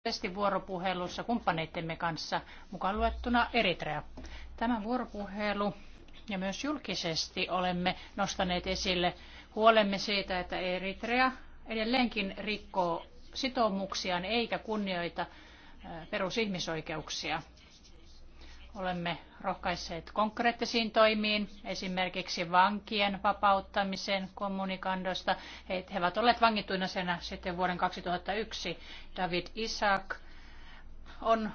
aktiivisesti vuoropuhelussa kumppaneittemme kanssa, mukaan luettuna Eritrea. Tämä vuoropuhelu ja myös julkisesti olemme nostaneet esille huolemme siitä, että Eritrea edelleenkin rikkoo sitoumuksiaan eikä kunnioita perusihmisoikeuksia. Olemme rohkaisseet konkreettisiin toimiin, esimerkiksi vankien vapauttamiseen kommunikandosta. He, he ovat olleet vangittuina senä sitten vuoden 2001. David Isaac on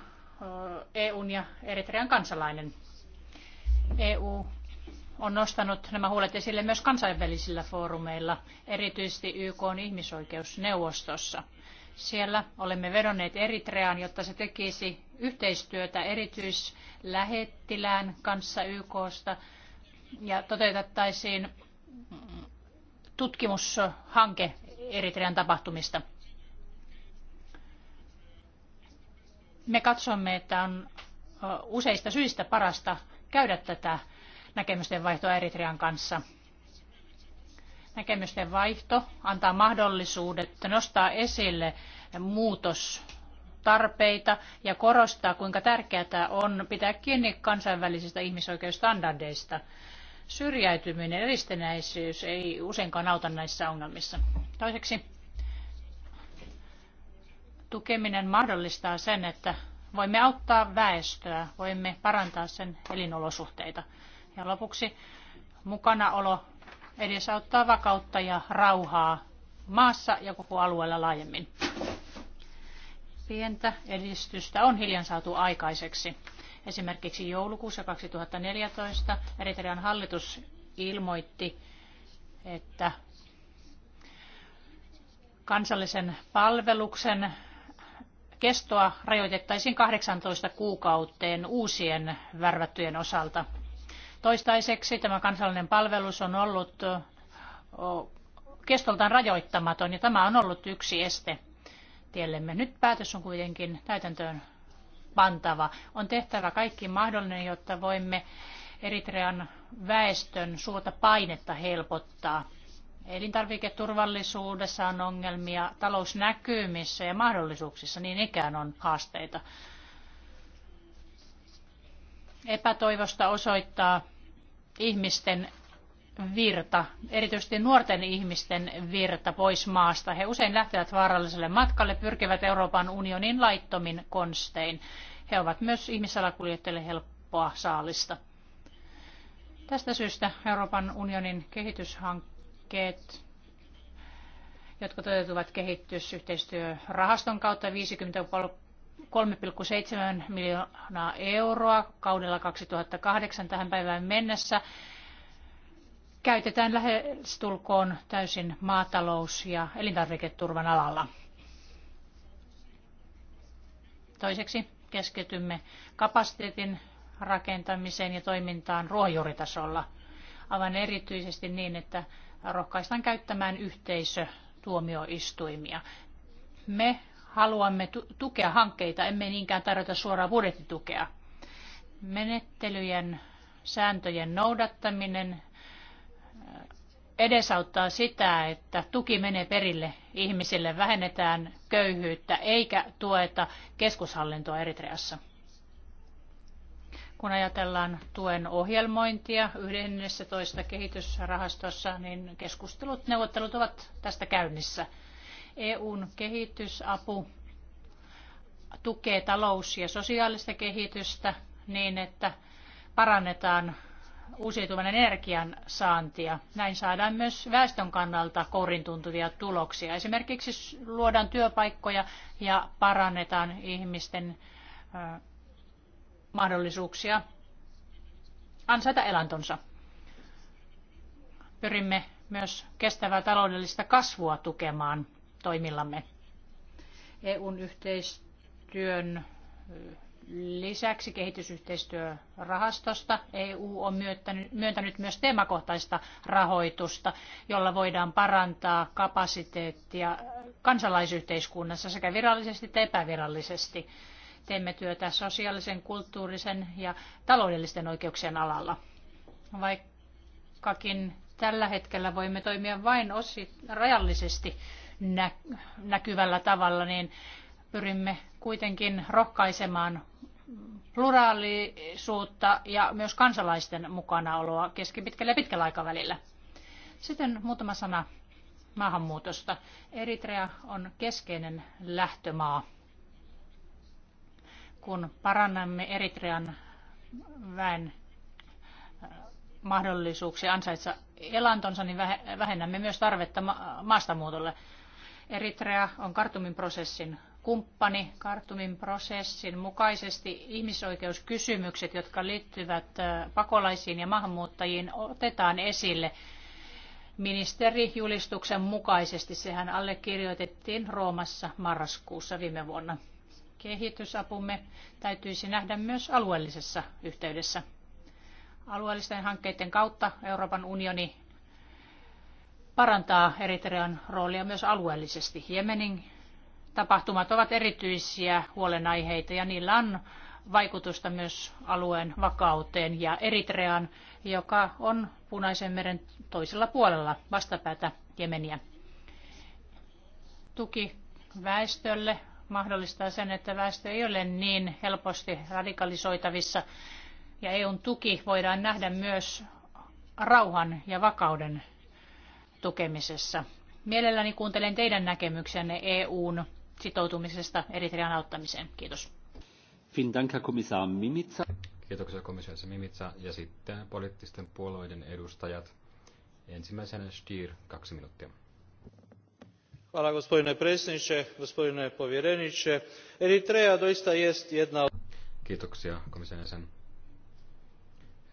EUn ja Eritrean kansalainen. EU on nostanut nämä huolet esille myös kansainvälisillä foorumeilla, erityisesti YK on ihmisoikeusneuvostossa siellä. Olemme vedonneet Eritreaan, jotta se tekisi yhteistyötä erityislähettilään kanssa YKsta ja toteutettaisiin tutkimushanke Eritrean tapahtumista. Me katsomme, että on useista syistä parasta käydä tätä näkemysten vaihtoa Eritrean kanssa – näkemysten vaihto antaa mahdollisuudet nostaa esille muutostarpeita ja korostaa, kuinka tärkeää on pitää kiinni kansainvälisistä ihmisoikeusstandardeista. Syrjäytyminen ja ristenäisyys ei useinkaan auta näissä ongelmissa. Toiseksi tukeminen mahdollistaa sen, että voimme auttaa väestöä, voimme parantaa sen elinolosuhteita. Ja lopuksi mukanaolo edesauttaa vakautta ja rauhaa maassa ja koko alueella laajemmin. Pientä edistystä on hiljan saatu aikaiseksi. Esimerkiksi joulukuussa 2014 Eritrean hallitus ilmoitti, että kansallisen palveluksen kestoa rajoitettaisiin 18 kuukauteen uusien värvättyjen osalta. Toistaiseksi tämä kansallinen palvelus on ollut kestoltaan rajoittamaton ja tämä on ollut yksi este tiellemme. Nyt päätös on kuitenkin täytäntöön pantava. On tehtävä kaikki mahdollinen, jotta voimme Eritrean väestön suurta painetta helpottaa. Elintarviketurvallisuudessa on ongelmia, talousnäkymissä ja mahdollisuuksissa niin ikään on haasteita. Epätoivosta osoittaa ihmisten virta, erityisesti nuorten ihmisten virta pois maasta. He usein lähtevät vaaralliselle matkalle, pyrkivät Euroopan unionin laittomin konstein. He ovat myös ihmissalakuljettajille helppoa saalista. Tästä syystä Euroopan unionin kehityshankkeet, jotka toteutuvat kehitysyhteistyörahaston kautta 50 3,7 miljoonaa euroa kaudella 2008 tähän päivään mennessä käytetään lähestulkoon täysin maatalous- ja elintarviketurvan alalla. Toiseksi keskitymme kapasiteetin rakentamiseen ja toimintaan ruohonjuuritasolla, aivan erityisesti niin, että rohkaistaan käyttämään yhteisötuomioistuimia. Me haluamme tukea hankkeita, emme niinkään tarjota suoraa budjettitukea. Menettelyjen sääntöjen noudattaminen äh, edesauttaa sitä, että tuki menee perille ihmisille, vähennetään köyhyyttä eikä tueta keskushallintoa Eritreassa. Kun ajatellaan tuen ohjelmointia 11. kehitysrahastossa, niin keskustelut, neuvottelut ovat tästä käynnissä – EUn kehitysapu tukee talous- ja sosiaalista kehitystä niin, että parannetaan uusiutuvan energian saantia. Näin saadaan myös väestön kannalta kourin tuloksia. Esimerkiksi luodaan työpaikkoja ja parannetaan ihmisten mahdollisuuksia ansaita elantonsa. Pyrimme myös kestävää taloudellista kasvua tukemaan toimillamme. EUn yhteistyön lisäksi kehitysyhteistyörahastosta EU on myöntänyt myös teemakohtaista rahoitusta, jolla voidaan parantaa kapasiteettia kansalaisyhteiskunnassa sekä virallisesti että epävirallisesti. Teemme työtä sosiaalisen, kulttuurisen ja taloudellisten oikeuksien alalla. Vaikkakin tällä hetkellä voimme toimia vain osi rajallisesti, näkyvällä tavalla, niin pyrimme kuitenkin rohkaisemaan pluraalisuutta ja myös kansalaisten mukanaoloa keskipitkällä ja pitkällä aikavälillä. Sitten muutama sana maahanmuutosta. Eritrea on keskeinen lähtömaa. Kun parannamme Eritrean väen mahdollisuuksia ansaitsa elantonsa, niin vähennämme myös tarvetta maastamuutolle. Eritrea on kartumin prosessin kumppani kartumin prosessin mukaisesti ihmisoikeuskysymykset, jotka liittyvät pakolaisiin ja maahanmuuttajiin, otetaan esille ministerijulistuksen mukaisesti. Sehän allekirjoitettiin Roomassa marraskuussa viime vuonna. Kehitysapumme täytyisi nähdä myös alueellisessa yhteydessä. Alueellisten hankkeiden kautta Euroopan unioni parantaa Eritrean roolia myös alueellisesti. Jemenin tapahtumat ovat erityisiä huolenaiheita ja niillä on vaikutusta myös alueen vakauteen ja Eritreaan, joka on Punaisen meren toisella puolella vastapäätä Jemeniä. Tuki väestölle mahdollistaa sen, että väestö ei ole niin helposti radikalisoitavissa ja EUn tuki voidaan nähdä myös rauhan ja vakauden tukemisessa. Mielelläni kuuntelen teidän näkemyksenne EUn sitoutumisesta Eritrean auttamiseen. Kiitos. Kiitoksia komissaari Mimitsa ja sitten poliittisten puolueiden edustajat. Ensimmäisenä Stier, kaksi minuuttia. Hvala gospodine predsjedniče, gospodine povjereniče. Eritrea doista jest jedna... Kiitoksia komissaari jäsen.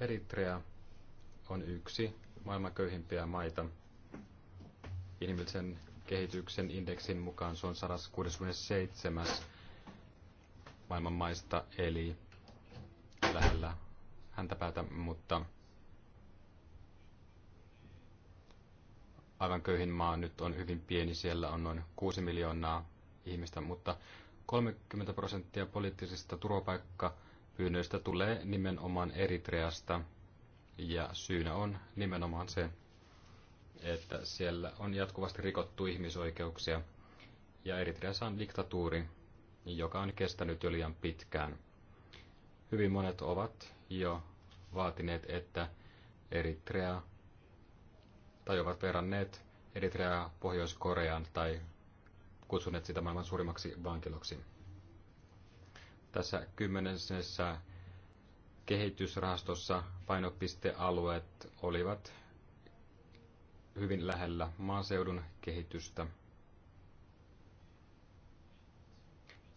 Eritrea on yksi maailman köyhimpiä maita – inhimillisen kehityksen indeksin mukaan se on 167. maailman maista, eli lähellä häntä päätä, mutta aivan köyhin maa nyt on hyvin pieni, siellä on noin 6 miljoonaa ihmistä, mutta 30 prosenttia poliittisista turvapaikkapyynnöistä tulee nimenomaan Eritreasta, ja syynä on nimenomaan se, että siellä on jatkuvasti rikottu ihmisoikeuksia ja Eritreassa on diktatuuri, joka on kestänyt jo liian pitkään. Hyvin monet ovat jo vaatineet, että Eritrea tai ovat verranneet Eritreaa Pohjois-Koreaan tai kutsuneet sitä maailman suurimmaksi vankiloksi. Tässä kymmenessä kehitysrahastossa painopistealueet olivat hyvin lähellä maaseudun kehitystä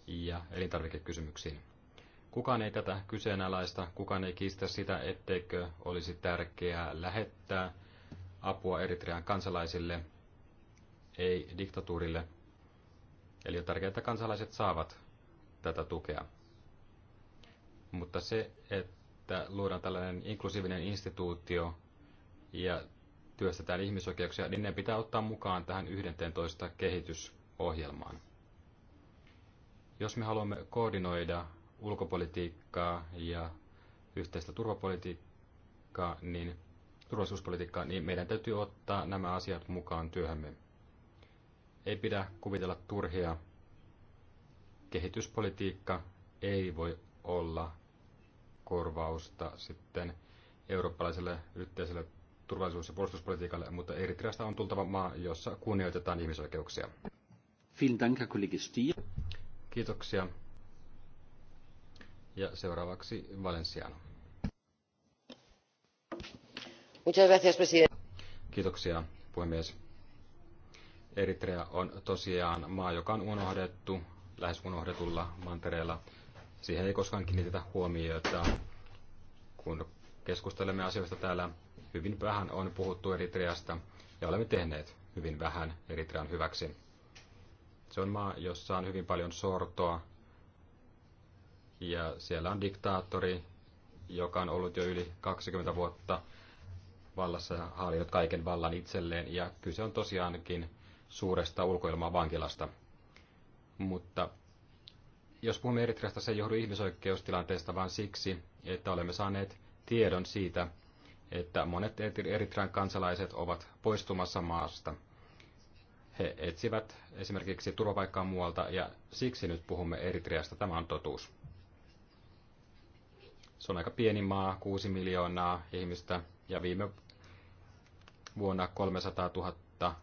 ja elintarvikekysymyksiin. Kukaan ei tätä kyseenalaista, kukaan ei kiistä sitä, etteikö olisi tärkeää lähettää apua Eritrean kansalaisille, ei diktatuurille. Eli on tärkeää, että kansalaiset saavat tätä tukea. Mutta se, että luodaan tällainen inklusiivinen instituutio ja työstetään ihmisoikeuksia, niin ne pitää ottaa mukaan tähän 11 kehitysohjelmaan. Jos me haluamme koordinoida ulkopolitiikkaa ja yhteistä turvapolitiikkaa, niin turvallisuuspolitiikkaa, niin meidän täytyy ottaa nämä asiat mukaan työhömme. Ei pidä kuvitella turhia. Kehityspolitiikka ei voi olla korvausta sitten eurooppalaiselle yhteiselle turvallisuus- ja puolustuspolitiikalle, mutta Eritreasta on tultava maa, jossa kunnioitetaan ihmisoikeuksia. Kiitoksia. Ja seuraavaksi Valenciano. Kiitoksia, puhemies. Eritrea on tosiaan maa, joka on unohdettu, lähes unohdetulla mantereella. Siihen ei koskaan kiinnitetä huomiota, kun keskustelemme asioista täällä Hyvin vähän on puhuttu Eritreasta ja olemme tehneet hyvin vähän Eritrean hyväksi. Se on maa, jossa on hyvin paljon sortoa ja siellä on diktaattori, joka on ollut jo yli 20 vuotta vallassa ja haalinut kaiken vallan itselleen ja kyse on tosiaankin suuresta ulkoilmaa vankilasta. Mutta jos puhumme Eritreasta, se ei johdu ihmisoikeustilanteesta, vaan siksi, että olemme saaneet tiedon siitä, että monet Eritrean kansalaiset ovat poistumassa maasta. He etsivät esimerkiksi turvapaikkaa muualta ja siksi nyt puhumme Eritreasta. Tämä on totuus. Se on aika pieni maa, 6 miljoonaa ihmistä ja viime vuonna 300 000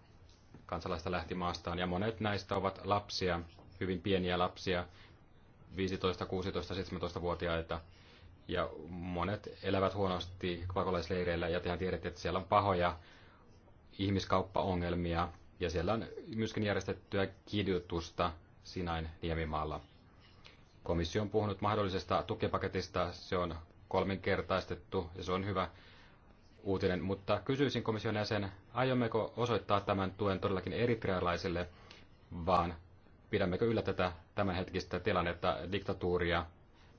kansalaista lähti maastaan ja monet näistä ovat lapsia, hyvin pieniä lapsia, 15, 16, 17-vuotiaita. Ja monet elävät huonosti pakolaisleireillä ja tehän tiedätte, että siellä on pahoja ihmiskauppaongelmia ja siellä on myöskin järjestettyä kidutusta Sinain niemimaalla. Komissio on puhunut mahdollisesta tukipaketista, se on kolminkertaistettu ja se on hyvä uutinen, mutta kysyisin komission jäsen, aiommeko osoittaa tämän tuen todellakin eritrealaisille, vaan pidämmekö yllä tätä tämänhetkistä tilannetta, diktatuuria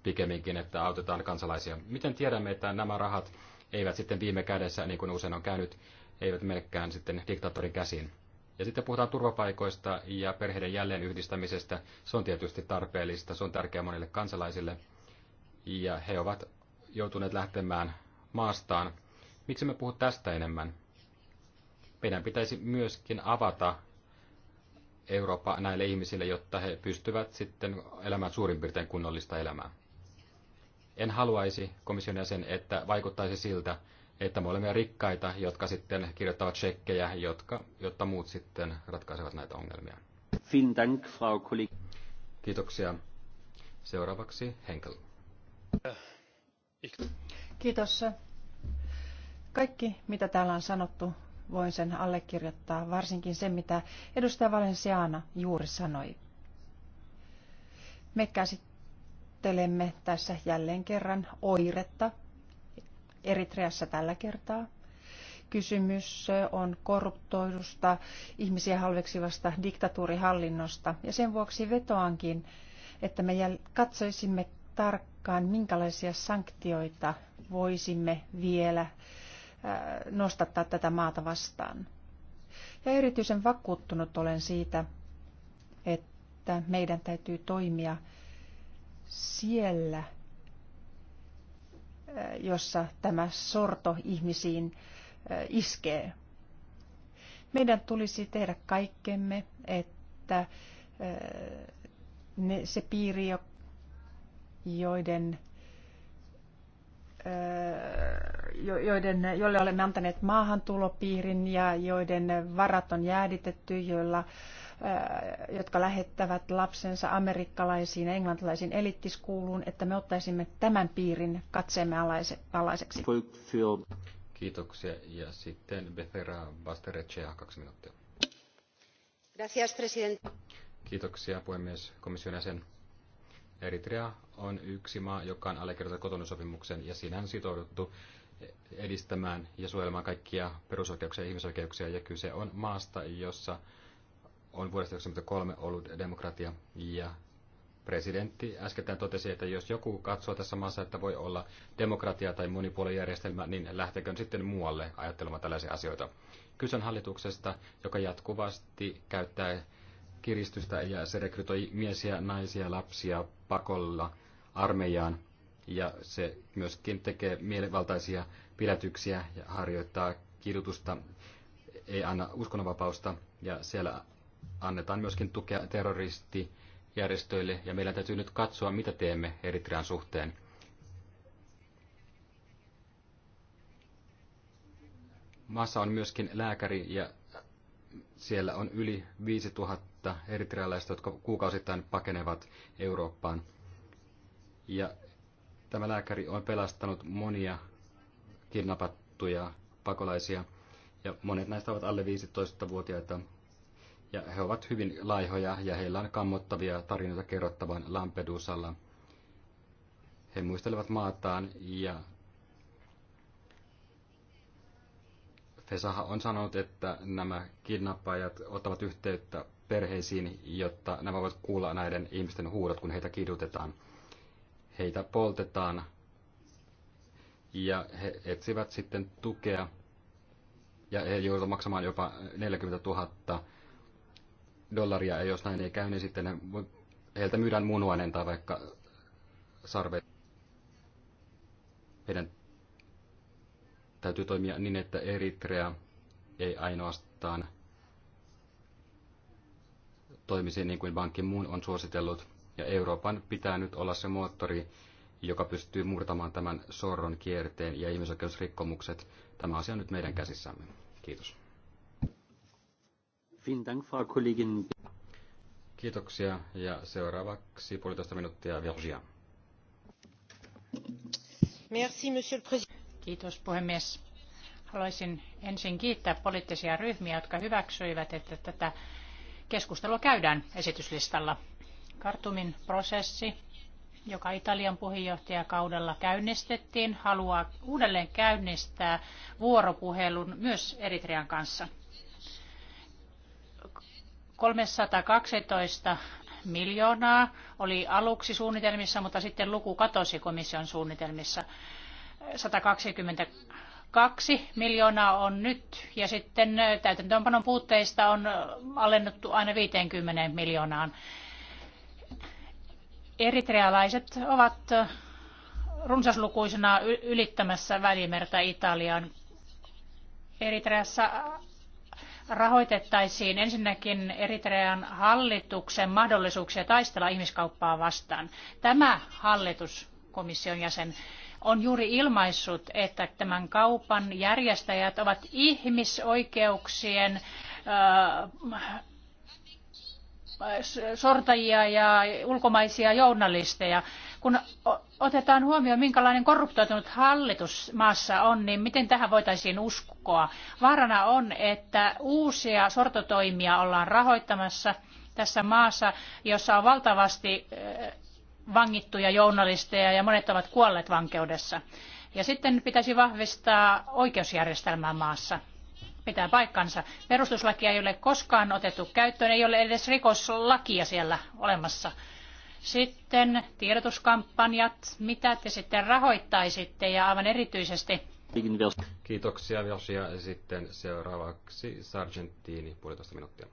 pikemminkin, että autetaan kansalaisia. Miten tiedämme, että nämä rahat eivät sitten viime kädessä, niin kuin usein on käynyt, eivät menekään sitten diktaattorin käsiin? Ja sitten puhutaan turvapaikoista ja perheiden jälleenyhdistämisestä. Se on tietysti tarpeellista, se on tärkeää monille kansalaisille. Ja he ovat joutuneet lähtemään maastaan. Miksi me puhumme tästä enemmän? Meidän pitäisi myöskin avata Eurooppa näille ihmisille, jotta he pystyvät sitten elämään suurin piirtein kunnollista elämää. En haluaisi komission jäsen, että vaikuttaisi siltä, että me olemme rikkaita, jotka sitten kirjoittavat tsekkejä, jotka, jotta muut sitten ratkaisevat näitä ongelmia. Dank, Frau Kiitoksia. Seuraavaksi Henkel. Kiitos. Kaikki, mitä täällä on sanottu, voin sen allekirjoittaa, varsinkin sen, mitä edustaja Valenciana juuri sanoi. Me käsittää käsittelemme tässä jälleen kerran oiretta Eritreassa tällä kertaa. Kysymys on korruptoidusta, ihmisiä halveksivasta diktatuurihallinnosta ja sen vuoksi vetoankin, että me katsoisimme tarkkaan, minkälaisia sanktioita voisimme vielä äh, nostattaa tätä maata vastaan. Ja erityisen vakuuttunut olen siitä, että meidän täytyy toimia siellä, jossa tämä sorto ihmisiin iskee. Meidän tulisi tehdä kaikkemme, että se piiri, joiden, joiden, joille olemme antaneet maahantulopiirin ja joiden varat on jääditetty, joilla Äh, jotka lähettävät lapsensa amerikkalaisiin ja englantilaisiin elittiskuuluun, että me ottaisimme tämän piirin katseemme alaiseksi. Kiitoksia. Ja sitten Bethera Basterecea, kaksi minuuttia. Gracias, presidente. Kiitoksia, puhemies, komission jäsen. Eritrea on yksi maa, joka on allekirjoittanut kotonusopimuksen ja siinä on sitouduttu edistämään ja suojelemaan kaikkia perusoikeuksia ja ihmisoikeuksia. Ja kyse on maasta, jossa on vuodesta 1993 ollut demokratia ja presidentti äskettäin totesi, että jos joku katsoo tässä maassa, että voi olla demokratia tai monipuolijärjestelmä, niin lähtekö sitten muualle ajattelemaan tällaisia asioita. Kyse on hallituksesta, joka jatkuvasti käyttää kiristystä ja se rekrytoi miesiä, naisia, lapsia pakolla armeijaan. Ja se myöskin tekee mielivaltaisia pidätyksiä ja harjoittaa kidutusta, ei anna uskonnonvapausta ja siellä annetaan myöskin tukea terroristijärjestöille, ja meillä täytyy nyt katsoa, mitä teemme Eritrean suhteen. Maassa on myöskin lääkäri, ja siellä on yli 5000 eritrealaista, jotka kuukausittain pakenevat Eurooppaan. Ja tämä lääkäri on pelastanut monia kidnappattuja pakolaisia, ja monet näistä ovat alle 15-vuotiaita ja he ovat hyvin laihoja ja heillä on kammottavia tarinoita kerrottavan Lampedusalla. He muistelevat maataan ja Fesaha on sanonut, että nämä kidnappajat ottavat yhteyttä perheisiin, jotta nämä voivat kuulla näiden ihmisten huudot, kun heitä kidutetaan. Heitä poltetaan ja he etsivät sitten tukea ja he joutuvat maksamaan jopa 40 000 dollaria, ja jos näin ei käy, niin sitten heiltä myydään munuainen tai vaikka sarve. Meidän täytyy toimia niin, että Eritrea ei ainoastaan toimisi niin kuin pankki muun on suositellut, ja Euroopan pitää nyt olla se moottori, joka pystyy murtamaan tämän sorron kierteen ja ihmisoikeusrikkomukset. Tämä asia on nyt meidän käsissämme. Kiitos. Kiitoksia ja seuraavaksi puolitoista minuuttia Virgia. Merci, monsieur le président. Kiitos puhemies. Haluaisin ensin kiittää poliittisia ryhmiä, jotka hyväksyivät, että tätä keskustelua käydään esityslistalla. Kartumin prosessi, joka Italian puheenjohtajakaudella käynnistettiin, haluaa uudelleen käynnistää vuoropuhelun myös Eritrean kanssa – 312 miljoonaa oli aluksi suunnitelmissa, mutta sitten luku katosi komission suunnitelmissa. 122 miljoonaa on nyt ja sitten täytäntöönpanon puutteista on alennettu aina 50 miljoonaan. Eritrealaiset ovat runsaslukuisena ylittämässä välimerta Italian. Eritreassa rahoitettaisiin ensinnäkin Eritrean hallituksen mahdollisuuksia taistella ihmiskauppaa vastaan. Tämä hallitus, komission jäsen, on juuri ilmaissut, että tämän kaupan järjestäjät ovat ihmisoikeuksien sortajia ja ulkomaisia journalisteja. Kun otetaan huomioon, minkälainen korruptoitunut hallitus maassa on, niin miten tähän voitaisiin uskoa? Vaarana on, että uusia sortotoimia ollaan rahoittamassa tässä maassa, jossa on valtavasti eh, vangittuja journalisteja ja monet ovat kuolleet vankeudessa. Ja sitten pitäisi vahvistaa oikeusjärjestelmää maassa. Pitää paikkansa. Perustuslakia ei ole koskaan otettu käyttöön, ei ole edes rikoslakia siellä olemassa. Sitten tiedotuskampanjat, mitä te sitten rahoittaisitte ja aivan erityisesti? Kiitoksia Josia. Sitten seuraavaksi Sargentini, puolitoista minuuttia.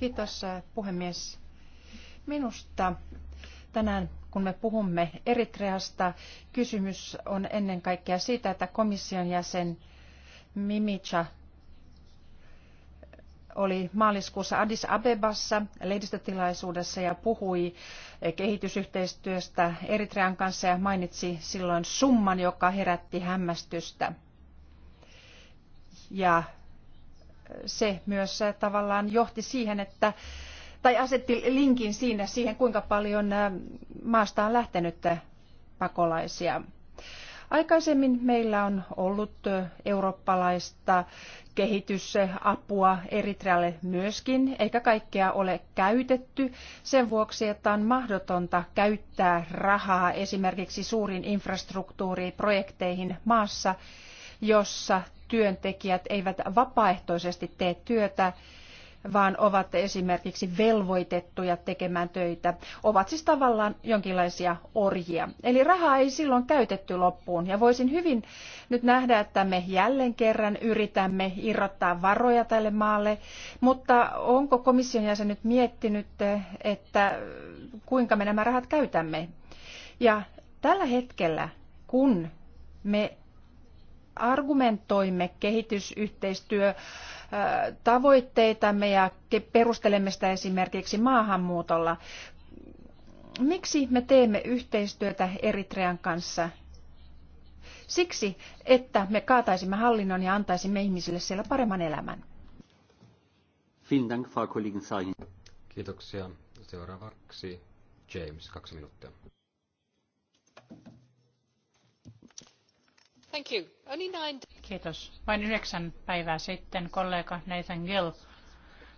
Kiitos eh, puhemies. Minusta tänään, kun me puhumme Eritreasta, kysymys on ennen kaikkea siitä, että komission jäsen Mimicha oli maaliskuussa Addis Abebassa lehdistötilaisuudessa ja puhui kehitysyhteistyöstä Eritrean kanssa ja mainitsi silloin summan, joka herätti hämmästystä. Ja se myös tavallaan johti siihen, että tai asetti linkin siinä siihen, kuinka paljon maasta on lähtenyt pakolaisia. Aikaisemmin meillä on ollut eurooppalaista kehitysapua Eritrealle myöskin, eikä kaikkea ole käytetty sen vuoksi, että on mahdotonta käyttää rahaa esimerkiksi suuriin infrastruktuuriprojekteihin maassa, jossa työntekijät eivät vapaaehtoisesti tee työtä vaan ovat esimerkiksi velvoitettuja tekemään töitä, ovat siis tavallaan jonkinlaisia orjia. Eli rahaa ei silloin käytetty loppuun ja voisin hyvin nyt nähdä, että me jälleen kerran yritämme irrottaa varoja tälle maalle, mutta onko komission jäsen nyt miettinyt, että kuinka me nämä rahat käytämme? Ja tällä hetkellä, kun me argumentoimme kehitysyhteistyö tavoitteitamme ja perustelemme sitä esimerkiksi maahanmuutolla. Miksi me teemme yhteistyötä Eritrean kanssa? Siksi, että me kaataisimme hallinnon ja antaisimme ihmisille siellä paremman elämän. Kiitoksia. Seuraavaksi James, kaksi minuuttia. Kiitos. Vain yhdeksän päivää sitten kollega Nathan Gill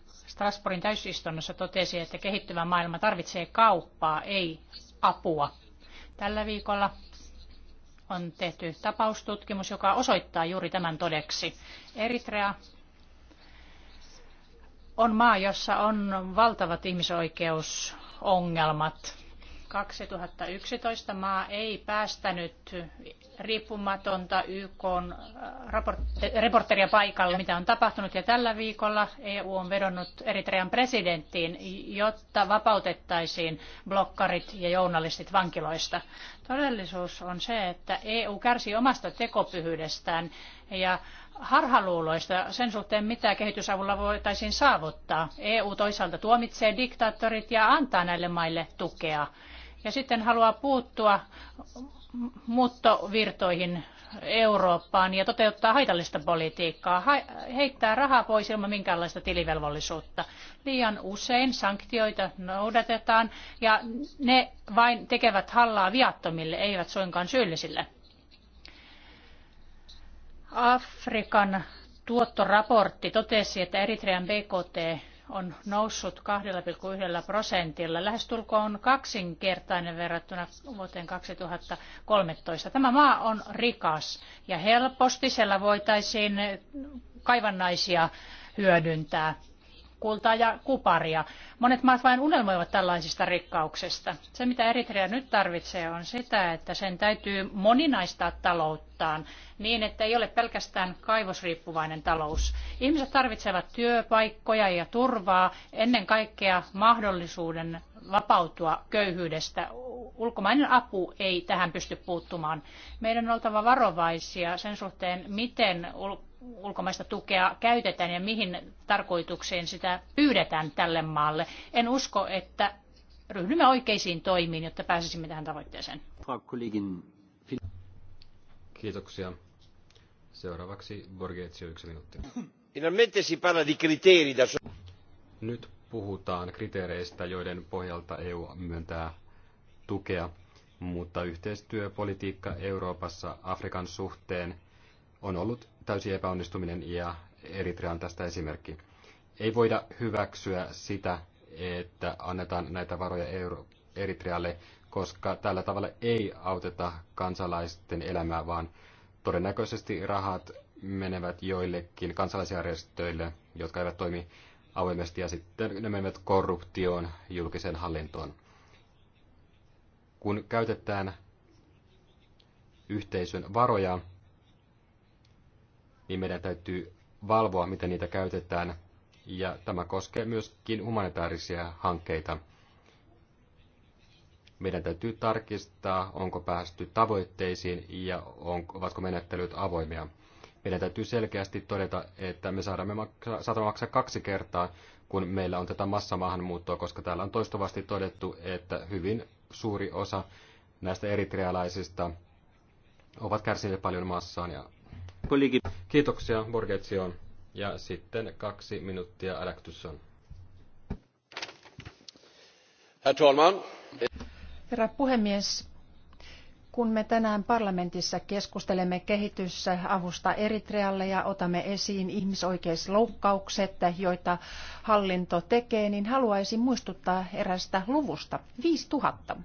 Strasbourgin täysistunnossa totesi, että kehittyvä maailma tarvitsee kauppaa, ei apua. Tällä viikolla on tehty tapaustutkimus, joka osoittaa juuri tämän todeksi. Eritrea on maa, jossa on valtavat ihmisoikeusongelmat. 2011 maa ei päästänyt riippumatonta YK äh, reporteria paikalle, mitä on tapahtunut. Ja tällä viikolla EU on vedonnut Eritrean presidenttiin, jotta vapautettaisiin blokkarit ja journalistit vankiloista. Todellisuus on se, että EU kärsii omasta tekopyhyydestään ja harhaluuloista sen suhteen, mitä kehitysavulla voitaisiin saavuttaa. EU toisaalta tuomitsee diktaattorit ja antaa näille maille tukea ja sitten haluaa puuttua muuttovirtoihin Eurooppaan ja toteuttaa haitallista politiikkaa, heittää rahaa pois ilman minkäänlaista tilivelvollisuutta. Liian usein sanktioita noudatetaan ja ne vain tekevät hallaa viattomille, eivät suinkaan syyllisille. Afrikan tuottoraportti totesi, että Eritrean BKT on noussut 2,1 prosentilla, lähestulkoon kaksinkertainen verrattuna vuoteen 2013. Tämä maa on rikas ja helposti siellä voitaisiin kaivannaisia hyödyntää kultaa ja kuparia. Monet maat vain unelmoivat tällaisista rikkauksista. Se, mitä Eritrea nyt tarvitsee, on sitä, että sen täytyy moninaistaa talouttaan niin, että ei ole pelkästään kaivosriippuvainen talous. Ihmiset tarvitsevat työpaikkoja ja turvaa, ennen kaikkea mahdollisuuden vapautua köyhyydestä. Ulkomainen apu ei tähän pysty puuttumaan. Meidän on oltava varovaisia sen suhteen, miten ulkomaista tukea käytetään ja mihin tarkoitukseen sitä pyydetään tälle maalle. En usko, että ryhdymme oikeisiin toimiin, jotta pääsisimme tähän tavoitteeseen. Kiitoksia. Seuraavaksi Borgetsio, yksi minuutti. Finalmente si parla di criteri da... Nyt puhutaan kriteereistä, joiden pohjalta EU myöntää tukea, mutta yhteistyöpolitiikka Euroopassa Afrikan suhteen on ollut täysi epäonnistuminen ja Eritrea on tästä esimerkki. Ei voida hyväksyä sitä, että annetaan näitä varoja Eritrealle, koska tällä tavalla ei auteta kansalaisten elämää, vaan todennäköisesti rahat menevät joillekin kansalaisjärjestöille, jotka eivät toimi avoimesti, ja sitten ne menevät korruptioon, julkiseen hallintoon. Kun käytetään yhteisön varoja, niin meidän täytyy valvoa, miten niitä käytetään. Ja tämä koskee myöskin humanitaarisia hankkeita. Meidän täytyy tarkistaa, onko päästy tavoitteisiin ja on, ovatko menettelyt avoimia. Meidän täytyy selkeästi todeta, että me saadamme maksaa, maksaa kaksi kertaa, kun meillä on tätä massamaahanmuuttoa, koska täällä on toistuvasti todettu, että hyvin suuri osa näistä eritrealaisista ovat kärsineet paljon massaan ja Kiitoksia Borgetsioon. Ja sitten kaksi minuuttia Adaktusson. Herr talman. Herra puhemies, kun me tänään parlamentissa keskustelemme kehitysavusta Eritrealle ja otamme esiin ihmisoikeusloukkaukset, joita hallinto tekee, niin haluaisin muistuttaa erästä luvusta 5000.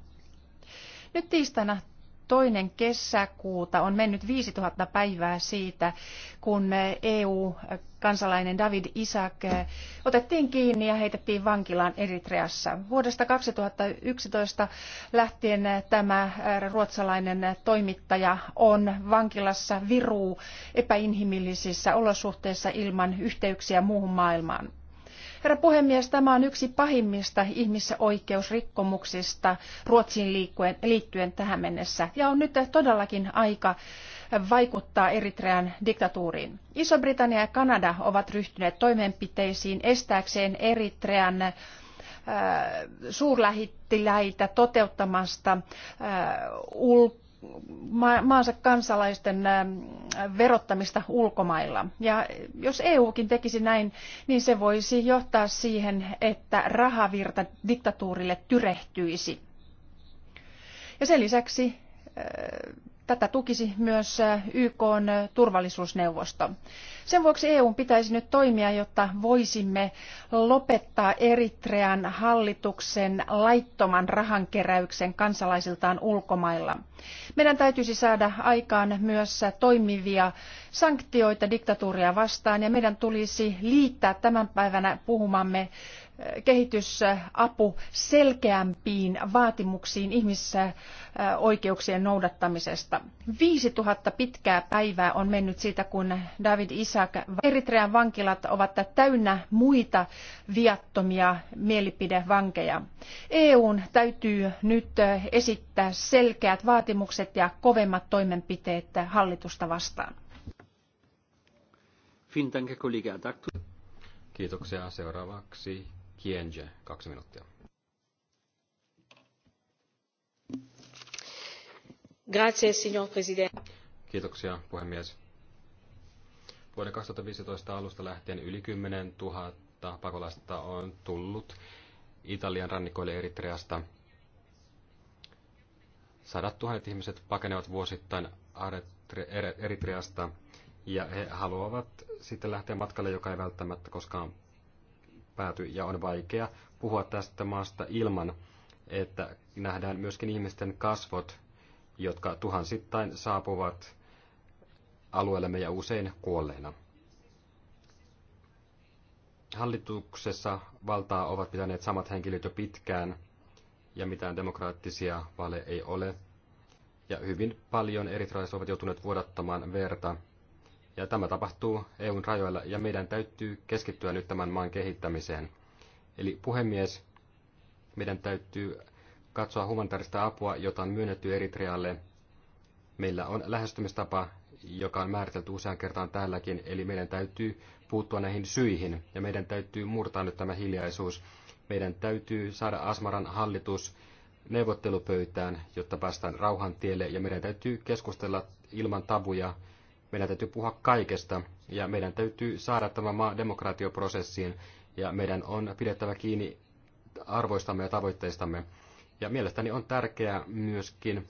Nyt tiistaina toinen kesäkuuta on mennyt 5000 päivää siitä, kun EU-kansalainen David Isaac eh, otettiin kiinni ja heitettiin vankilaan Eritreassa. Vuodesta 2011 lähtien eh, tämä eh, ruotsalainen toimittaja on vankilassa viruu epäinhimillisissä olosuhteissa ilman yhteyksiä muuhun maailmaan. Herra puhemies, tämä on yksi pahimmista ihmisoikeusrikkomuksista Ruotsiin liittyen tähän mennessä ja on nyt todellakin aika vaikuttaa Eritrean diktatuuriin. Iso-Britannia ja Kanada ovat ryhtyneet toimenpiteisiin estääkseen Eritrean äh, suurlähettiläitä toteuttamasta äh, ulkoa maansa kansalaisten verottamista ulkomailla. Ja jos EUkin tekisi näin, niin se voisi johtaa siihen, että rahavirta diktatuurille tyrehtyisi. Ja sen lisäksi Tätä tukisi myös YK turvallisuusneuvosto. Sen vuoksi EUn pitäisi nyt toimia, jotta voisimme lopettaa Eritrean hallituksen laittoman rahankeräyksen kansalaisiltaan ulkomailla. Meidän täytyisi saada aikaan myös toimivia sanktioita diktatuuria vastaan ja meidän tulisi liittää tämän päivänä puhumamme kehitysapu selkeämpiin vaatimuksiin ihmisoikeuksien noudattamisesta. Viisi tuhatta pitkää päivää on mennyt siitä, kun David Isaac, Eritrean vankilat ovat täynnä muita viattomia mielipidevankeja. EUn täytyy nyt esittää selkeät vaatimukset ja kovemmat toimenpiteet hallitusta vastaan. Kiitoksia. Seuraavaksi Kienje, kaksi minuuttia. Grazie, signor Presidente. Kiitoksia, puhemies. Vuoden 2015 alusta lähtien yli 10 000 pakolaista on tullut Italian rannikoille Eritreasta. Sadat tuhannet ihmiset pakenevat vuosittain Eritreasta ja he haluavat sitten lähteä matkalle, joka ei välttämättä koskaan pääty ja on vaikea puhua tästä maasta ilman, että nähdään myöskin ihmisten kasvot, jotka tuhansittain saapuvat alueellemme ja usein kuolleina. Hallituksessa valtaa ovat pitäneet samat henkilöt jo pitkään, ja mitään demokraattisia vale ei ole. Ja hyvin paljon eritraiset ovat joutuneet vuodattamaan verta ja tämä tapahtuu EUn rajoilla ja meidän täytyy keskittyä nyt tämän maan kehittämiseen. Eli puhemies, meidän täytyy katsoa humanitaarista apua, jota on myönnetty Eritrealle. Meillä on lähestymistapa, joka on määritelty usean kertaan täälläkin, eli meidän täytyy puuttua näihin syihin ja meidän täytyy murtaa nyt tämä hiljaisuus. Meidän täytyy saada Asmaran hallitus neuvottelupöytään, jotta päästään rauhan tielle ja meidän täytyy keskustella ilman tabuja meidän täytyy puhua kaikesta ja meidän täytyy saada tämä maa demokratioprosessiin ja meidän on pidettävä kiinni arvoistamme ja tavoitteistamme. Ja mielestäni on tärkeää myöskin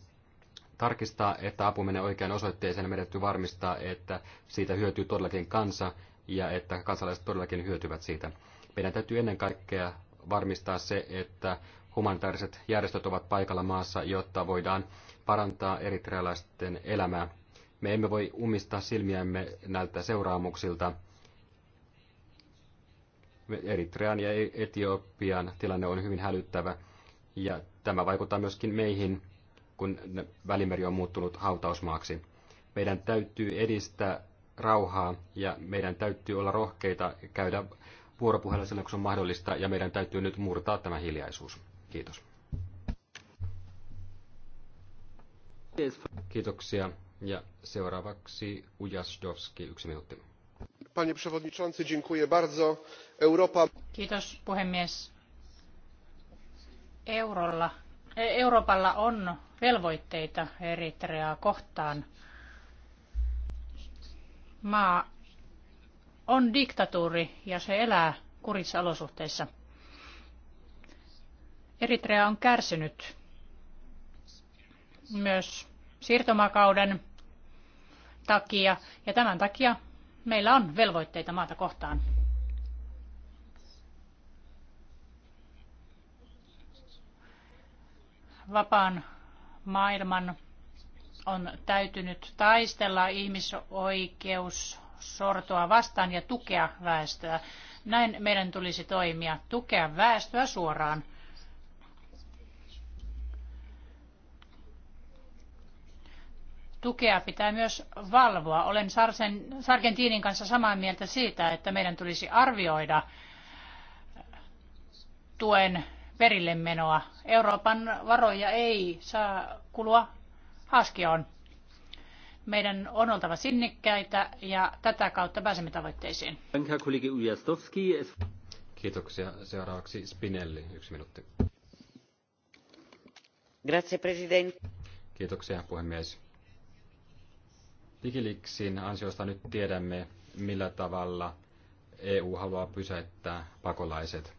tarkistaa, että apu menee oikeaan osoitteeseen. Meidän täytyy varmistaa, että siitä hyötyy todellakin kansa ja että kansalaiset todellakin hyötyvät siitä. Meidän täytyy ennen kaikkea varmistaa se, että humanitaariset järjestöt ovat paikalla maassa, jotta voidaan parantaa eritrealaisten elämää me emme voi umistaa silmiämme näiltä seuraamuksilta. Eritrean ja Etiopian tilanne on hyvin hälyttävä ja tämä vaikuttaa myöskin meihin, kun Välimeri on muuttunut hautausmaaksi. Meidän täytyy edistää rauhaa ja meidän täytyy olla rohkeita käydä vuoropuhelua silloin, kun se on mahdollista ja meidän täytyy nyt murtaa tämä hiljaisuus. Kiitos. Kiitoksia. Ja seuraavaksi Ujazdowski, yksi minuutti. Panie przewodniczący, dziękuję bardzo. Europa... Kiitos puhemies. Eurolla, e, Euroopalla on velvoitteita Eritreaa kohtaan. Maa on diktatuuri ja se elää kurissa olosuhteissa. Eritrea on kärsinyt myös siirtomakauden takia. Ja tämän takia meillä on velvoitteita maata kohtaan. Vapaan maailman on täytynyt taistella ihmisoikeus sortoa vastaan ja tukea väestöä. Näin meidän tulisi toimia, tukea väestöä suoraan. tukea pitää myös valvoa. Olen Sarsen, Sargentinin kanssa samaa mieltä siitä, että meidän tulisi arvioida tuen perillemenoa. Euroopan varoja ei saa kulua haskioon. Meidän on oltava sinnikkäitä ja tätä kautta pääsemme tavoitteisiin. Kiitoksia. Seuraavaksi Spinelli, yksi minuutti. Grazie, Kiitoksia, puhemies Wikileaksin ansiosta nyt tiedämme, millä tavalla EU haluaa pysäyttää pakolaiset.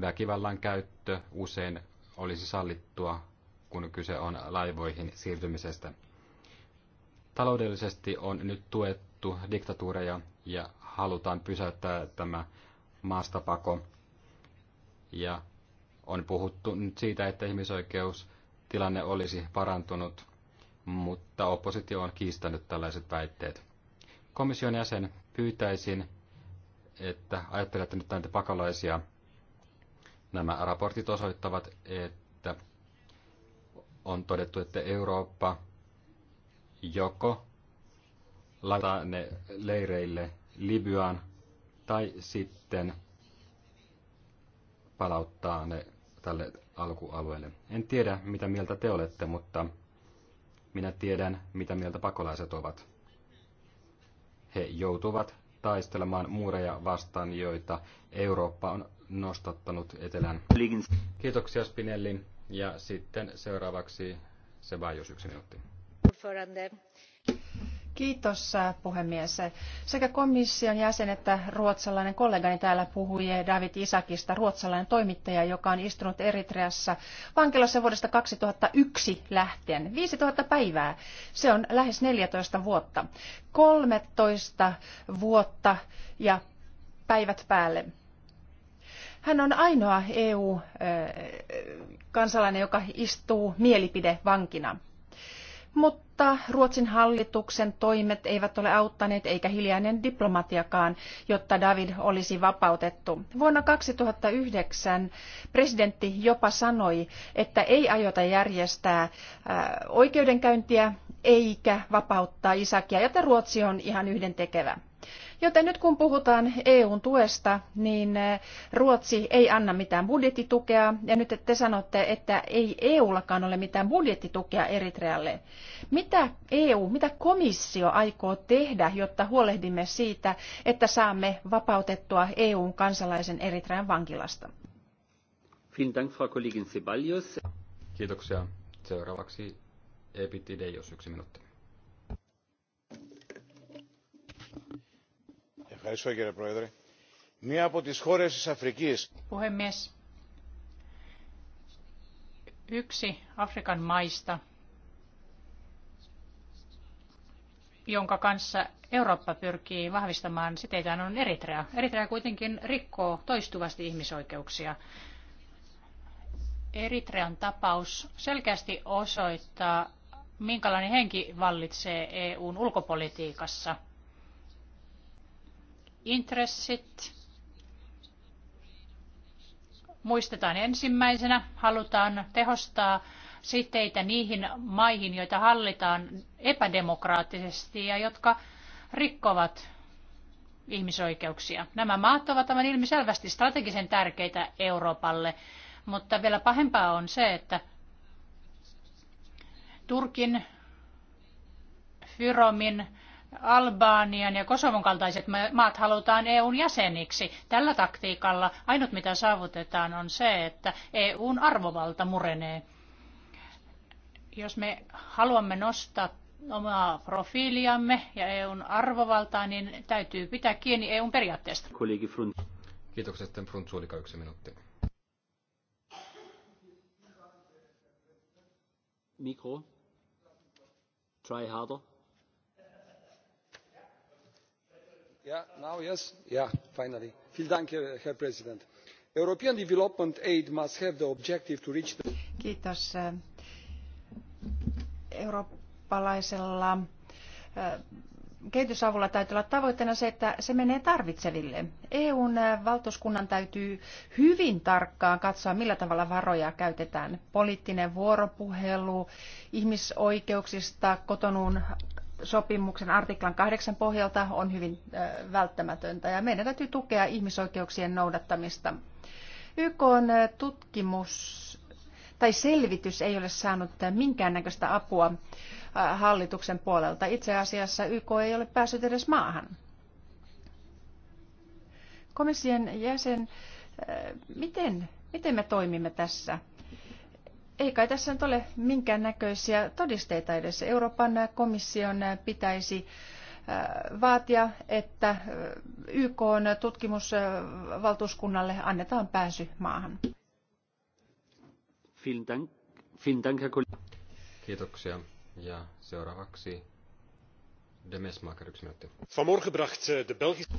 Väkivallan käyttö usein olisi sallittua, kun kyse on laivoihin siirtymisestä. Taloudellisesti on nyt tuettu diktatuureja ja halutaan pysäyttää tämä maastapako. Ja on puhuttu nyt siitä, että ihmisoikeustilanne olisi parantunut mutta oppositio on kiistänyt tällaiset väitteet. Komission jäsen pyytäisin, että ajattelette nyt näitä pakolaisia. Nämä raportit osoittavat, että on todettu, että Eurooppa joko laittaa ne leireille Libyaan tai sitten palauttaa ne tälle alkualueelle. En tiedä, mitä mieltä te olette, mutta minä tiedän, mitä mieltä pakolaiset ovat. He joutuvat taistelemaan muureja vastaan, joita Eurooppa on nostattanut etelän. Kiitoksia Spinelli, Ja sitten seuraavaksi se vain jos yksi minuutti. Um, arvoisa puhemies. Sekä komission jäsen että ruotsalainen kollegani täällä puhui David Isakista, ruotsalainen toimittaja, joka on istunut Eritreassa vankilassa vuodesta 2001 lähtien. 5000 päivää. Se on lähes neljätoista vuotta. kolmetoista vuotta ja päivät päälle. Hän on ainoa EU-kansalainen, joka istuu mielipidevankina mutta Ruotsin hallituksen toimet eivät ole auttaneet eikä hiljainen diplomatiakaan, jotta David olisi vapautettu. Vuonna 2009 presidentti jopa sanoi, että ei aiota järjestää äh, oikeudenkäyntiä eikä vapauttaa Isakia, joten Ruotsi on ihan yhdentekevä. Joten nyt kun puhutaan EUn tuesta, niin eh, Ruotsi ei anna mitään budjettitukea. Ja nyt te sanotte, että ei EUllakaan ole mitään budjettitukea Eritrealle. Mitä EU, mitä komissio aikoo tehdä, jotta huolehdimme siitä, että saamme vapautettua EUn kansalaisen Eritrean vankilasta? Kiitoksia. Seuraavaksi Epitideios yksi minuutti Puhemies. Yksi Afrikan maista, jonka kanssa Eurooppa pyrkii vahvistamaan siteitään, on Eritrea. Eritrea kuitenkin rikkoo toistuvasti ihmisoikeuksia. Eritrean tapaus selkeästi osoittaa, minkälainen henki vallitsee EUn ulkopolitiikassa – intressit muistetaan ensimmäisenä. Halutaan tehostaa siteitä niihin maihin, joita hallitaan epädemokraattisesti ja jotka rikkovat ihmisoikeuksia. Nämä maat ovat aivan ilmiselvästi strategisen tärkeitä Euroopalle, mutta vielä pahempaa on se, että Turkin, Fyromin, Albanian ja Kosovon kaltaiset maat halutaan EUn jäseniksi. Tällä taktiikalla ainut mitä saavutetaan on se, että EUn arvovalta murenee. Jos me haluamme nostaa omaa profiiliamme ja EUn arvovaltaa, niin täytyy pitää kiinni EUn periaatteesta. Kiitokset, sitten Fruntsuulika yksi minuutti. Mikro. Try harder. european development aid must have the objective to reach the. Kiitos. Äh, eurooppalaisella äh, kehitysavulla täytyy olla tavoitteena se, että se menee tarvitseville. EUn äh, valtuuskunnan täytyy hyvin tarkkaan katsoa, millä tavalla varoja käytetään. Poliittinen vuoropuhelu ihmisoikeuksista, kotonuun sopimuksen artiklan kahdeksan pohjalta on hyvin välttämätöntä ja meidän täytyy tukea ihmisoikeuksien noudattamista. YK on tutkimus tai selvitys ei ole saanut minkäännäköistä apua hallituksen puolelta. Itse asiassa YK ei ole päässyt edes maahan. Komission jäsen, miten, miten me toimimme tässä? ei kai tässä nyt ole minkäännäköisiä todisteita edes. Euroopan komission pitäisi vaatia, että YK tutkimusvaltuuskunnalle annetaan pääsy maahan. Kiitoksia. Ja seuraavaksi Demesmaker, yksi minuutti. Vanmorgen bracht eh, de Belgische...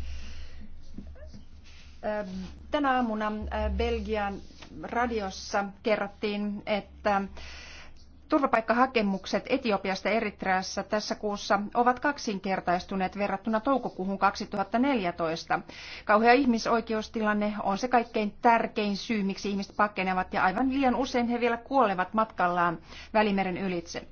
Tänä aamuna Belgian radiossa kerrottiin, että turvapaikkahakemukset Etiopiasta Eritreassa tässä kuussa ovat kaksinkertaistuneet verrattuna toukokuuhun 2014. Kauhea ihmisoikeustilanne on se kaikkein tärkein syy, miksi ihmiset pakenevat ja aivan liian usein he vielä kuolevat matkallaan Välimeren ylitse.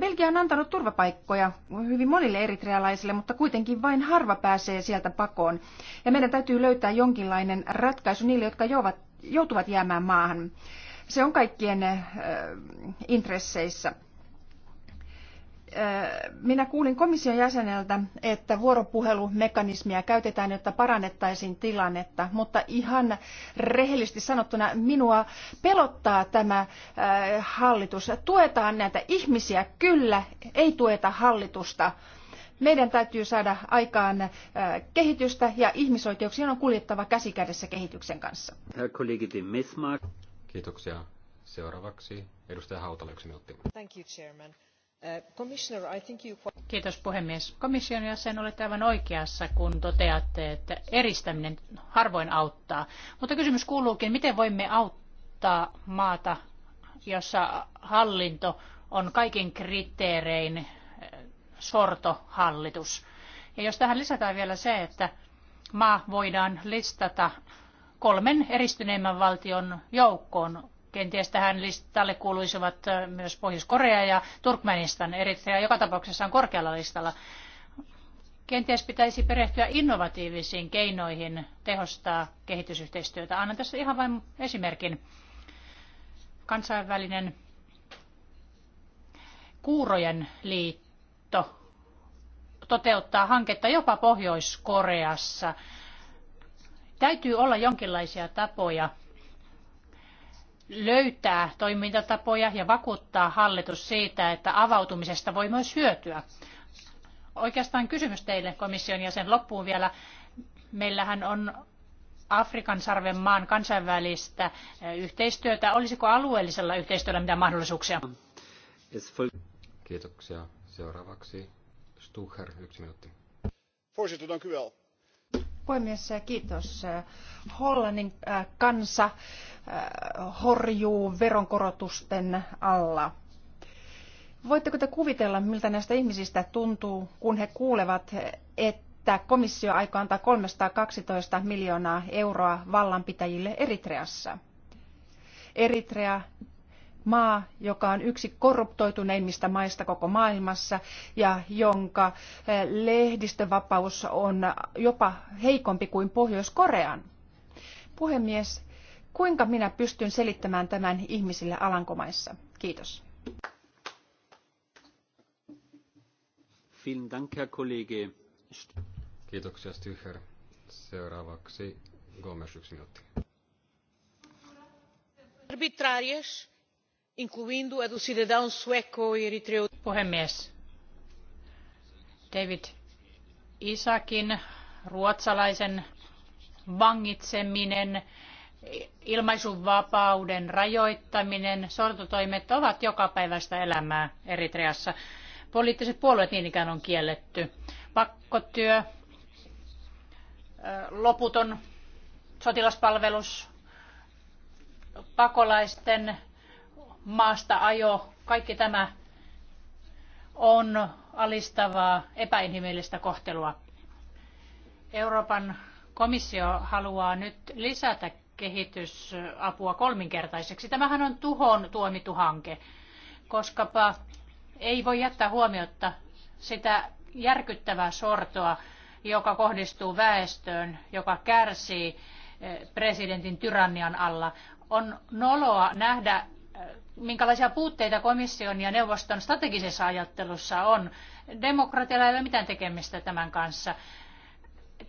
Belgia on antanut turvapaikkoja hyvin monille eritrealaisille, mutta kuitenkin vain harva pääsee sieltä pakoon. Ja meidän täytyy löytää jonkinlainen ratkaisu niille, jotka joutuvat jäämään maahan. Se on kaikkien intresseissä minä kuulin komission jäseneltä, että vuoropuhelumekanismia käytetään, jotta parannettaisiin tilannetta, mutta ihan rehellisesti sanottuna minua pelottaa tämä hallitus. Tuetaan näitä ihmisiä, kyllä, ei tueta hallitusta. Meidän täytyy saada aikaan kehitystä ja ihmisoikeuksien on kuljettava käsi kädessä kehityksen kanssa. Kiitoksia. Seuraavaksi edustaja Hautala, yksi minuutti. Thank you, chairman. Uh, Kiitos puhemies. Komission jäsen olette aivan oikeassa, kun toteatte, että eristäminen harvoin auttaa. Mutta kysymys kuuluukin, miten voimme auttaa maata, jossa hallinto on kaikin kriteerein eh, sortohallitus. Ja jos tähän lisätään vielä se, että maa voidaan listata kolmen eristyneimmän valtion joukkoon, Kenties tähän listalle kuuluisivat myös Pohjois-Korea ja Turkmenistan. Eritrea joka tapauksessa on korkealla listalla. Kenties pitäisi perehtyä innovatiivisiin keinoihin tehostaa kehitysyhteistyötä. Annan tässä ihan vain esimerkin. Kansainvälinen kuurojen liitto toteuttaa hanketta jopa Pohjois-Koreassa. Täytyy olla jonkinlaisia tapoja löytää toimintatapoja ja vakuuttaa hallitus siitä, että avautumisesta voi myös hyötyä. Oikeastaan kysymys teille komission jäsen loppuun vielä. Meillähän on Afrikan sarven maan kansainvälistä eh, yhteistyötä. Olisiko alueellisella yhteistyöllä mitään mahdollisuuksia? Kiitoksia. Seuraavaksi Stucher, yksi minuutti. Voorzitter, dank u wel. Puhemies, kiitos. Hollannin äh, kansa äh, horjuu veronkorotusten alla. Voitteko te kuvitella, miltä näistä ihmisistä tuntuu, kun he kuulevat, että komissio aikoo antaa 312 miljoonaa euroa vallanpitäjille Eritreassa? Eritrea maa, joka on yksi korruptoituneimmista maista koko maailmassa ja jonka eh, lehdistövapaus on jopa heikompi kuin Pohjois-Korean. Puhemies, kuinka minä pystyn selittämään tämän ihmisille Alankomaissa? Kiitos. Kiitoksia, Stücher. Seuraavaksi Gomes, yksi minuutti. E Puhemies. David Isakin ruotsalaisen vangitseminen, ilmaisunvapauden rajoittaminen, sortotoimet ovat jokapäiväistä elämää Eritreassa. Poliittiset puolueet niin ikään on kielletty. Pakkotyö, loputon sotilaspalvelus, pakolaisten maasta ajo, kaikki tämä on alistavaa epäinhimillistä kohtelua. Euroopan komissio haluaa nyt lisätä kehitysapua kolminkertaiseksi. Tämähän on tuhon tuomitu hanke, koska ei voi jättää huomiotta sitä järkyttävää sortoa, joka kohdistuu väestöön, joka kärsii eh, presidentin tyrannian alla. On noloa nähdä minkälaisia puutteita komission ja neuvoston strategisessa ajattelussa on. Demokratialla ei ole mitään tekemistä tämän kanssa.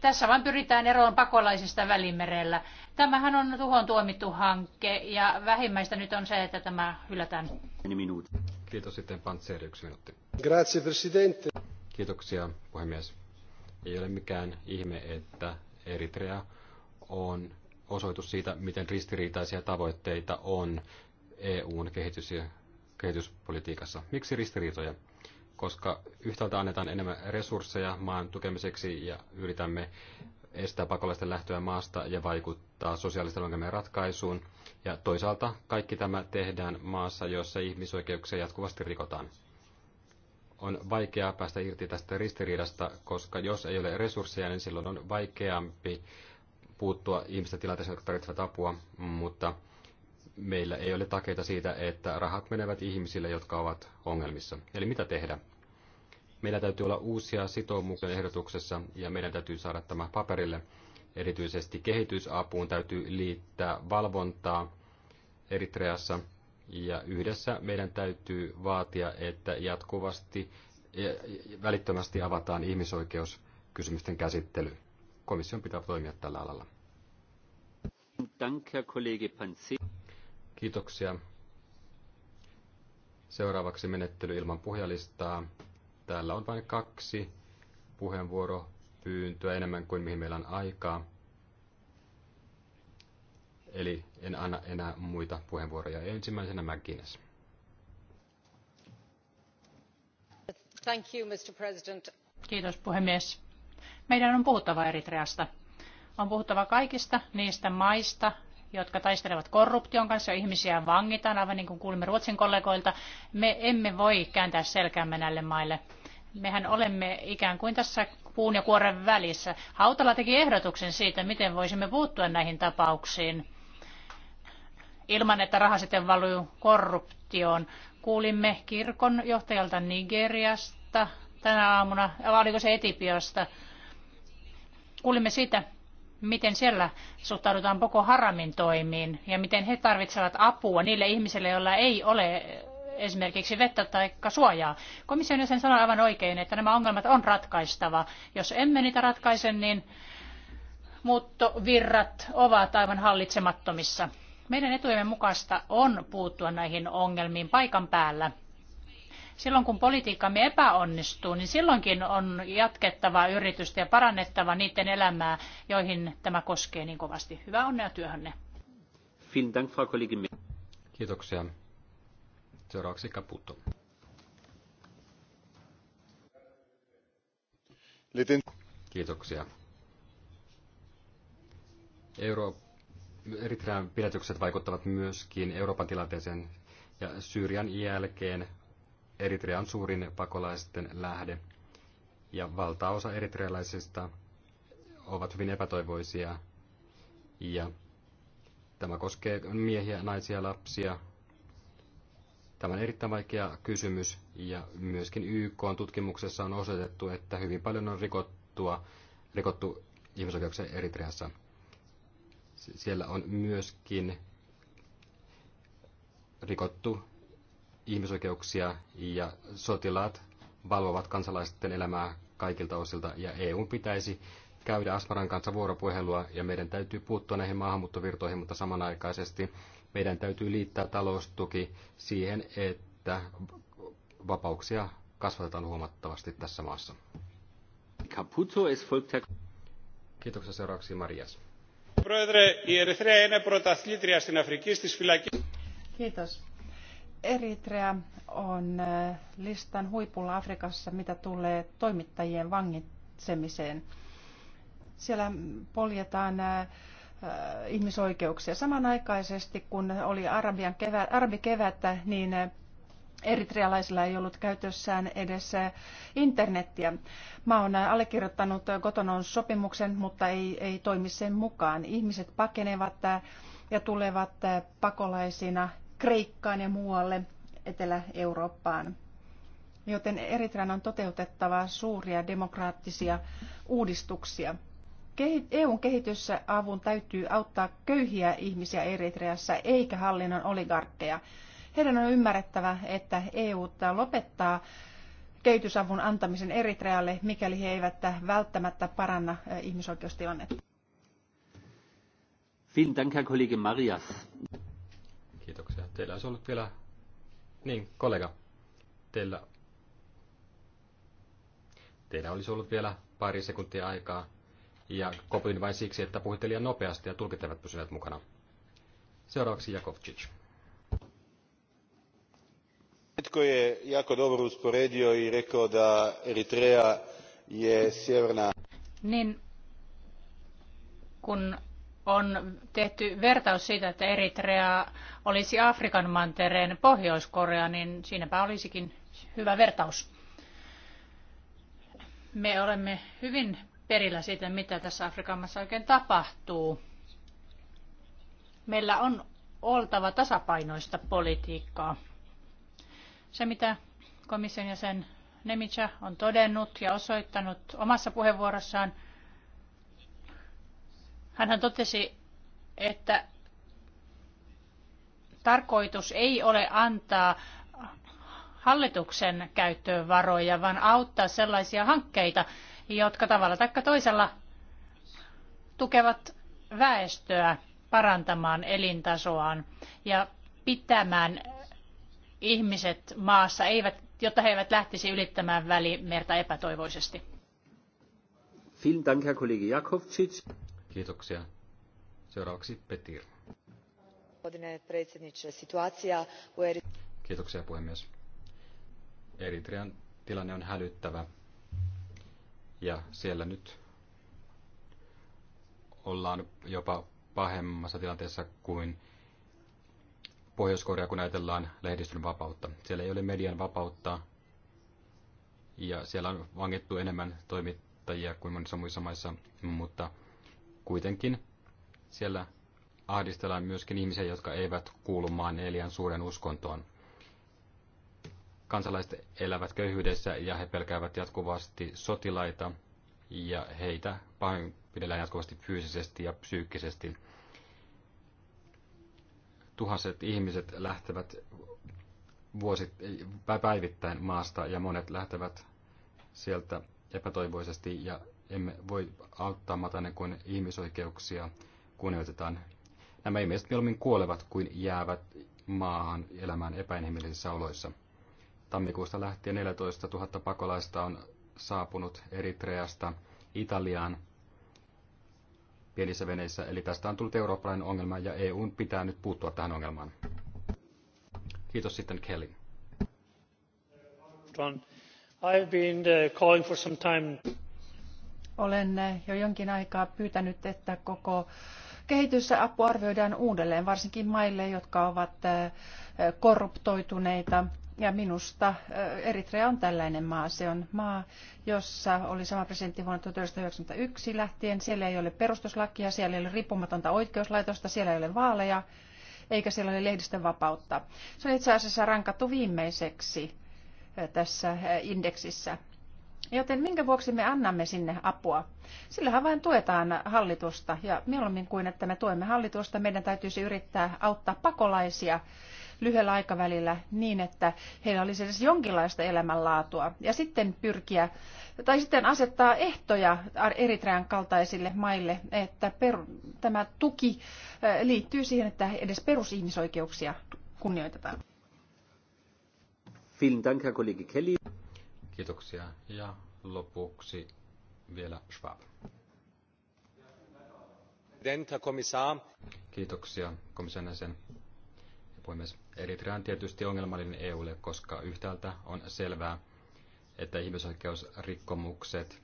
Tässä vain pyritään eroon pakolaisista välimerellä. Tämähän on tuhon tuomittu hanke ja vähimmäistä nyt on se, että tämä hylätään. Kiitos sitten Pantseri, yksi minuutti. Grazie, presidente. Kiitoksia, puhemies. Ei ole mikään ihme, että Eritrea on osoitus siitä, miten ristiriitaisia tavoitteita on EUn kehitys- ja kehityspolitiikassa. Miksi ristiriitoja? Koska yhtäältä annetaan enemmän resursseja maan tukemiseksi ja yritämme estää pakolaisten lähtöä maasta ja vaikuttaa sosiaalisten ongelmien ratkaisuun. Ja toisaalta kaikki tämä tehdään maassa, jossa ihmisoikeuksia jatkuvasti rikotaan. On vaikeaa päästä irti tästä ristiriidasta, koska jos ei ole resursseja, niin silloin on vaikeampi puuttua ihmisten tilanteeseen, jotka tarvitsevat apua, mutta meillä ei ole takeita siitä, että rahat menevät ihmisille, jotka ovat ongelmissa. Eli mitä tehdä? Meillä täytyy olla uusia sitoumuksia ehdotuksessa ja meidän täytyy saada tämä paperille. Erityisesti kehitysapuun täytyy liittää valvontaa Eritreassa ja yhdessä meidän täytyy vaatia, että jatkuvasti ja välittömästi avataan ihmisoikeuskysymysten käsittely. Komission pitää toimia tällä alalla. Kiitoksia. Seuraavaksi menettely ilman puhujalistaa. Täällä on vain kaksi puheenvuoropyyntöä enemmän kuin mihin meillä on aikaa. Eli en anna enää muita puheenvuoroja. Ensimmäisenä McGuinness. Thank you, Mr. President. Kiitos puhemies. Meidän on puhuttava Eritreasta. On puhuttava kaikista niistä maista, jotka taistelevat korruption kanssa, ihmisiä vangitaan, aivan niin kuin kuulimme Ruotsin kollegoilta. Me emme voi kääntää selkäämme näille maille. Mehän olemme ikään kuin tässä puun ja kuoren välissä. Hautala teki ehdotuksen siitä, miten voisimme puuttua näihin tapauksiin ilman, että raha sitten valuu korruptioon. Kuulimme kirkon johtajalta Nigeriasta tänä aamuna, vai oliko se Etipiosta. Kuulimme siitä, miten siellä suhtaudutaan Boko Haramin toimiin ja miten he tarvitsevat apua niille ihmisille, joilla ei ole esimerkiksi vettä tai suojaa. Komission jäsen sanoi aivan oikein, että nämä ongelmat on ratkaistava. Jos emme niitä ratkaise, niin muuttovirrat ovat aivan hallitsemattomissa. Meidän etujemme mukaista on puuttua näihin ongelmiin paikan päällä Silloin kun politiikkamme epäonnistuu, niin silloinkin on jatkettava yritystä ja parannettava niiden elämää, joihin tämä koskee niin kovasti. Hyvää onnea työhönne. Kiitoksia. Seuraavaksi Caputo. Kiitoksia. Euro... Eritrean pidätykset vaikuttavat myöskin Euroopan tilanteeseen ja Syyrian jälkeen Eritrea on suurin pakolaisten lähde, ja valtaosa eritrealaisista ovat hyvin epätoivoisia, ja tämä koskee miehiä, naisia, lapsia. Tämä on erittäin vaikea kysymys, ja myöskin YK on tutkimuksessa on osoitettu, että hyvin paljon on rikottua, rikottu ihmisoikeuksia Eritreassa. Siellä on myöskin rikottu ihmisoikeuksia ja sotilaat valvovat kansalaisten elämää kaikilta osilta ja EU pitäisi käydä Asmaran kanssa vuoropuhelua ja meidän täytyy puuttua näihin maahanmuuttovirtoihin, mutta samanaikaisesti meidän täytyy liittää taloustuki siihen, että vapauksia kasvatetaan huomattavasti tässä maassa. Caputo es folta... Kiitoksia seuraavaksi Marias. Kiitos Eritrea on äh, listan huipulla Afrikassa, mitä tulee toimittajien vangitsemiseen. Siellä poljetaan äh, äh, ihmisoikeuksia. Samanaikaisesti, kun oli Arabian kevät, arabikevättä, niin eritrealaisilla ei ollut käytössään edes internettiä. Mä on allekirjoittanut Kotonon sopimuksen, mutta ei, ei toimi sen mukaan. Ihmiset pakenevat ja tulevat pakolaisina Kreikkaan ja muualle Etelä-Eurooppaan. Joten Eritrean on toteutettava suuria demokraattisia uudistuksia. EUn kehityssä avun täytyy auttaa köyhiä ihmisiä Eritreassa eikä hallinnon oligarkkeja. Heidän on ymmärrettävä, että EU lopettaa kehitysavun antamisen Eritrealle, mikäli he eivät välttämättä paranna ihmisoikeustilannetta. Vielen Dank, Herr Kollege Marias. Teillä olisi ollut vielä... Niin, kollega. Teillä... Teillä olisi ollut vielä pari sekuntia aikaa. Ja kopin vain siksi, että puhuitte liian nopeasti ja tulkit eivät pysyneet mukana. Seuraavaksi Jakovčić. Netko je jako dobro usporedio i rekao da Eritreja je sjeverna... Niin, kun on tehty vertaus siitä, että Eritrea olisi Afrikan mantereen Pohjois-Korea, niin siinäpä olisikin hyvä vertaus. Me olemme hyvin perillä siitä, mitä tässä Afrikan maassa oikein tapahtuu. Meillä on oltava tasapainoista politiikkaa. Se, mitä komission jäsen Nemicha on todennut ja osoittanut omassa puheenvuorossaan, Hänhän totesi, että tarkoitus ei ole antaa hallituksen käyttöön varoja, vaan auttaa sellaisia hankkeita, jotka tavalla tai toisella tukevat väestöä parantamaan elintasoaan ja pitämään ihmiset maassa, eivät, jotta he eivät lähtisi ylittämään välimerta epätoivoisesti. Kiitoksia. Seuraavaksi Petir. Kiitoksia puhemies. Eritrean tilanne on hälyttävä ja siellä nyt ollaan jopa pahemmassa tilanteessa kuin Pohjois-Korea, kun ajatellaan lehdistön vapautta. Siellä ei ole median vapautta ja siellä on vangittu enemmän toimittajia kuin monissa muissa maissa, mutta kuitenkin siellä ahdistellaan myöskin ihmisiä, jotka eivät kuulu maan neljän suuren uskontoon. Kansalaiset elävät köyhyydessä ja he pelkäävät jatkuvasti sotilaita ja heitä pahoinpidellään jatkuvasti fyysisesti ja psyykkisesti. Tuhanset ihmiset lähtevät vuosit, päivittäin maasta ja monet lähtevät sieltä epätoivoisesti ja emme voi auttaa matane kuin ihmisoikeuksia kunnioitetaan. Nämä ihmiset mieluummin kuolevat kuin jäävät maahan elämään epäinhimillisissä oloissa. Tammikuusta lähtien 14 000 pakolaista on saapunut Eritreasta Italiaan pienissä veneissä, eli tästä on tullut eurooppalainen ongelma ja EU pitää nyt puuttua tähän ongelmaan. Kiitos sitten Kelly. I've been uh, calling for some time olen eh, jo jonkin aikaa pyytänyt, että koko kehitysapu arvioidaan uudelleen, varsinkin maille, jotka ovat eh, korruptoituneita. Ja minusta eh, Eritrea on tällainen maa. Se on maa, jossa oli sama presidentti vuonna 1991 lähtien. Siellä ei ole perustuslakia, siellä ei ole riippumatonta oikeuslaitosta, siellä ei ole vaaleja, eikä siellä ole lehdistön vapautta. Se on itse asiassa rankattu viimeiseksi tässä indeksissä. Joten minkä vuoksi me annamme sinne apua? Sillähän vain tuetaan hallitusta ja mieluummin kuin että me tuemme hallitusta, meidän täytyisi yrittää auttaa pakolaisia lyhyellä aikavälillä niin, että heillä olisi edes jonkinlaista elämänlaatua ja sitten pyrkiä tai sitten asettaa ehtoja Eritrean kaltaisille maille, että per, tämä tuki eh, liittyy siihen, että edes perusihmisoikeuksia kunnioitetaan. Vielen Dank, Herr Kollege Kelly. Kiitoksia. Ja lopuksi vielä Schwab. Kiitoksia komission jäsen puhemies. Eritrea on tietysti ongelmallinen EUlle, koska yhtäältä on selvää, että ihmisoikeusrikkomukset,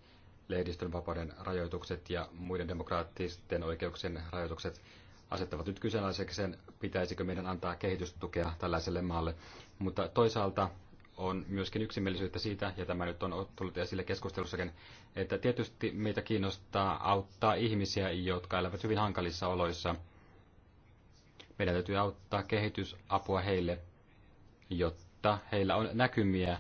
lehdistön vapauden rajoitukset ja muiden demokraattisten oikeuksien rajoitukset asettavat nyt kyseenalaiseksi sen, pitäisikö meidän antaa kehitystukea tällaiselle maalle. Mutta toisaalta on myöskin yksimielisyyttä siitä, ja tämä nyt on tullut esille keskustelussakin, että tietysti meitä kiinnostaa auttaa ihmisiä, jotka elävät hyvin hankalissa oloissa. Meidän täytyy auttaa kehitysapua heille, jotta heillä on näkymiä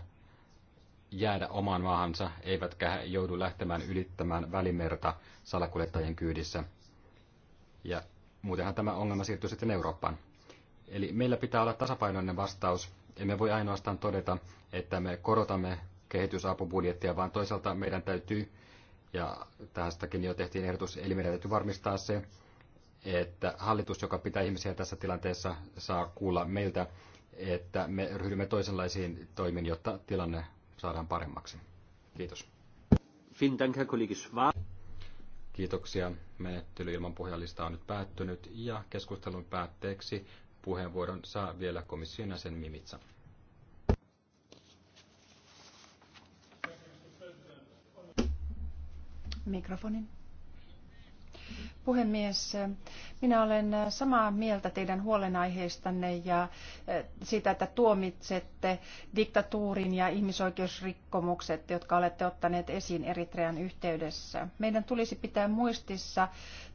jäädä omaan maahansa, eivätkä he joudu lähtemään ylittämään välimerta salakuljettajien kyydissä. Ja muutenhan tämä ongelma siirtyy sitten Eurooppaan. Eli meillä pitää olla tasapainoinen vastaus emme voi ainoastaan todeta, että me korotamme kehitysapubudjettia, vaan toisaalta meidän täytyy, ja tästäkin jo tehtiin ehdotus, eli meidän täytyy varmistaa se, että hallitus, joka pitää ihmisiä tässä tilanteessa, saa kuulla meiltä, että me ryhdymme toisenlaisiin toimiin, jotta tilanne saadaan paremmaksi. Kiitos. Kiitoksia. Menettely ilman puhujalistaa on nyt päättynyt ja keskustelun päätteeksi puheenvuoron saa vielä komission jäsen Mimitsa. Mikrofonin. Puhemies, minä olen samaa mieltä teidän huolenaiheistanne ja eh, siitä, että tuomitsette diktatuurin ja ihmisoikeusrikkomukset, jotka olette ottaneet esiin Eritrean yhteydessä. Meidän tulisi pitää muistissa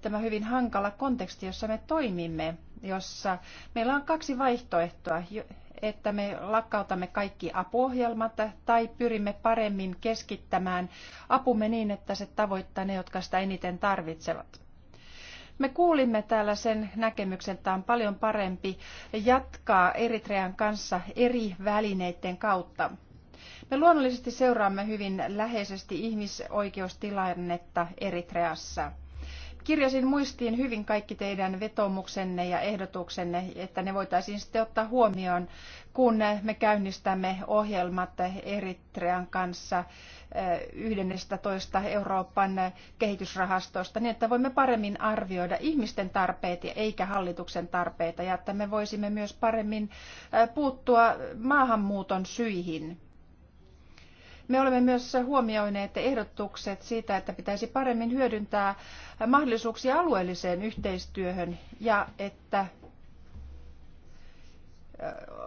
tämä hyvin hankala konteksti, jossa me toimimme, jossa meillä on kaksi vaihtoehtoa että me lakkautamme kaikki apuohjelmat tai pyrimme paremmin keskittämään apumme niin, että se tavoittaa ne, jotka sitä eniten tarvitsevat. Me kuulimme täällä sen näkemyksen, että on paljon parempi jatkaa Eritrean kanssa eri välineiden kautta. Me luonnollisesti seuraamme hyvin läheisesti ihmisoikeustilannetta Eritreassa kirjasin muistiin hyvin kaikki teidän vetomuksenne ja ehdotuksenne, että ne voitaisiin sitten ottaa huomioon, kun me käynnistämme ohjelmat Eritrean kanssa 11 eh, Euroopan kehitysrahastosta, niin että voimme paremmin arvioida ihmisten tarpeet eikä hallituksen tarpeita, ja että me voisimme myös paremmin eh, puuttua maahanmuuton syihin me olemme myös huomioineet ehdotukset siitä, että pitäisi paremmin hyödyntää mahdollisuuksia alueelliseen yhteistyöhön ja että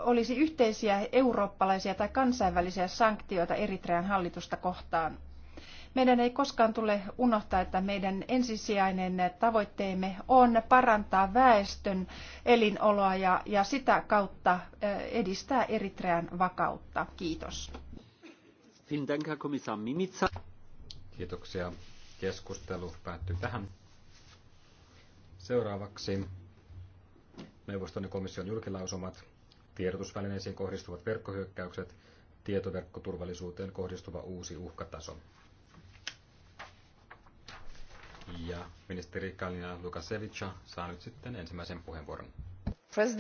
olisi yhteisiä eurooppalaisia tai kansainvälisiä sanktioita Eritrean hallitusta kohtaan. Meidän ei koskaan tule unohtaa, että meidän ensisijainen tavoitteemme on parantaa väestön elinoloa ja, ja sitä kautta edistää Eritrean vakautta. Kiitos. Kiitoksia. Keskustelu päättyy tähän. Seuraavaksi neuvoston ja komission julkilausumat, tiedotusvälineisiin kohdistuvat verkkohyökkäykset, tietoverkkoturvallisuuteen kohdistuva uusi uhkataso. Ja ministeri Kalina Lukasevica saa nyt sitten ensimmäisen puheenvuoron. President.